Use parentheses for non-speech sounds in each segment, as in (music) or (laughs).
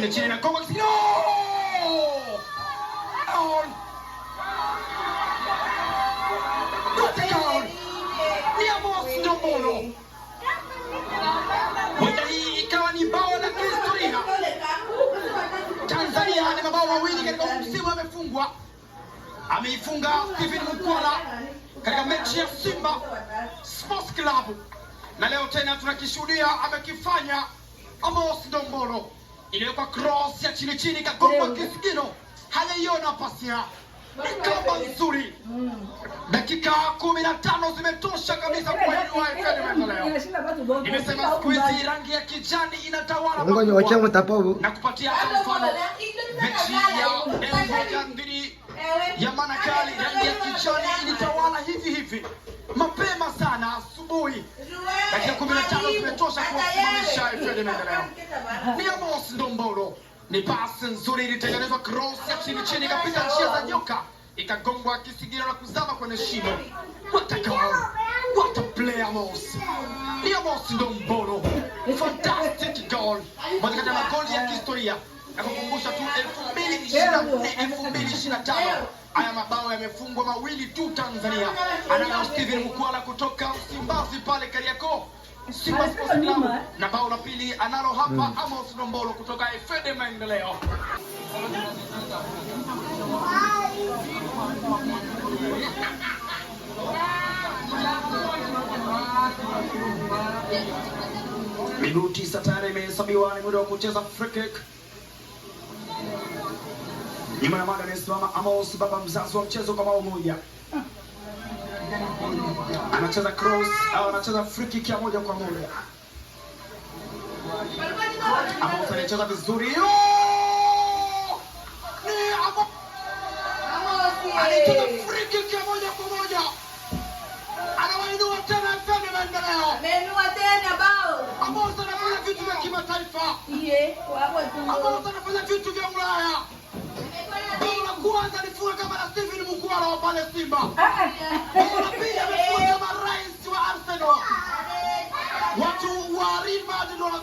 chini chini na Kongo no! Down! Toka down! Ni Amos Ndombolo. Huenda hii ikawa ni bao la kihistoria. Tanzania ana mabao mawili katika msimu amefungwa. Ameifunga Stephen Mukwala katika mechi ya Simba Sports Club. Na leo tena tunakishuhudia amekifanya Amos Ndombolo iliwekwa cross ya chini chini, kagomba kisigino, hajaiona pasi ya kamba nzuri. Mm. Dakika kumi na tano zimetosha kabisa kwa nimesema, siku hizi rangi ya kijani inatawala na kupatia mfano mechi ya Mbeya dhidi ya Manakali, rangi ya kijani ilitawala hivi hivi mapema sana asubuhi tano kimetosha kuwasimamisha Efredi Maendeleo. Mia mosi Ndombolo ni pasi nzuri, ilitengenezwa cross ya chini chini, ikapita njia za nyoka, ikagongwa kisigino na kuzama kwenye shimo. What a goal! What a play, Amos! Mia mosi Ndombolo, fantastic goal, moja kati ya magoli ya kihistoria ya kukumbusha tu elfu mbili ishirini na nne elfu mbili ishirini na tano Haya mabao yamefungwa mawili tu Tanzania, anayo Steven Mkwala kutoka Msimbazi pale Kariakoo. Eh? na bao la pili analo hapa hmm. Amos kutoka Maendeleo. (laughs) tisa tayari imehesabiwa, ni muda wa kucheza free kick. Nyuma ya mada amesimama Amos, baba mzazi wa mchezo kwa bao moja anacheza cross au anacheza free kick ya moja kwa moja, ambao anacheza vizuri yo ni hapo, anacheza free kick ya moja kwa moja, anawainua tena mfano maendeleo, amenua tena bao, ambao anafanya vitu vya kimataifa, yeye wapo tu, ambao anafanya vitu vya Ulaya, kwa kwanza alifunga kama na Steven Mukwala wa pale Simba. Ah,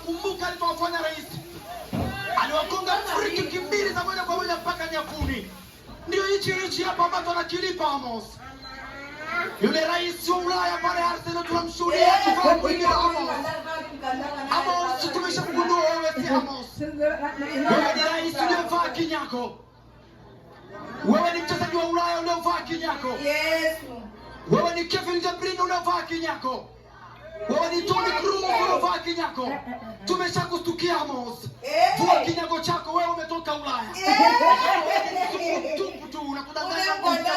Nakumbuka alipowafanya rais aliwakonga friki kimbili za moja kwa moja mpaka nyakuni. Ndio hichi hichi hapa ambacho anakilipa Amos, yule rais wa Ulaya pale Arsenal, tunamshuhudia kuingia Amos. Amos tumesha kugundua wewe si Amos, wewe ni rais uliyevaa kinyako, wewe ni mchezaji wa Ulaya uliovaa kinyako, wewe ni Kevin De Bruyne uliovaa kinyako, wewe ni Toni Kroos kinyago, eh, eh, eh, tumeshakustukia Amos, vua kinyago chako, wewe umetoka Ulaya. (laughs) tu unakudanganya.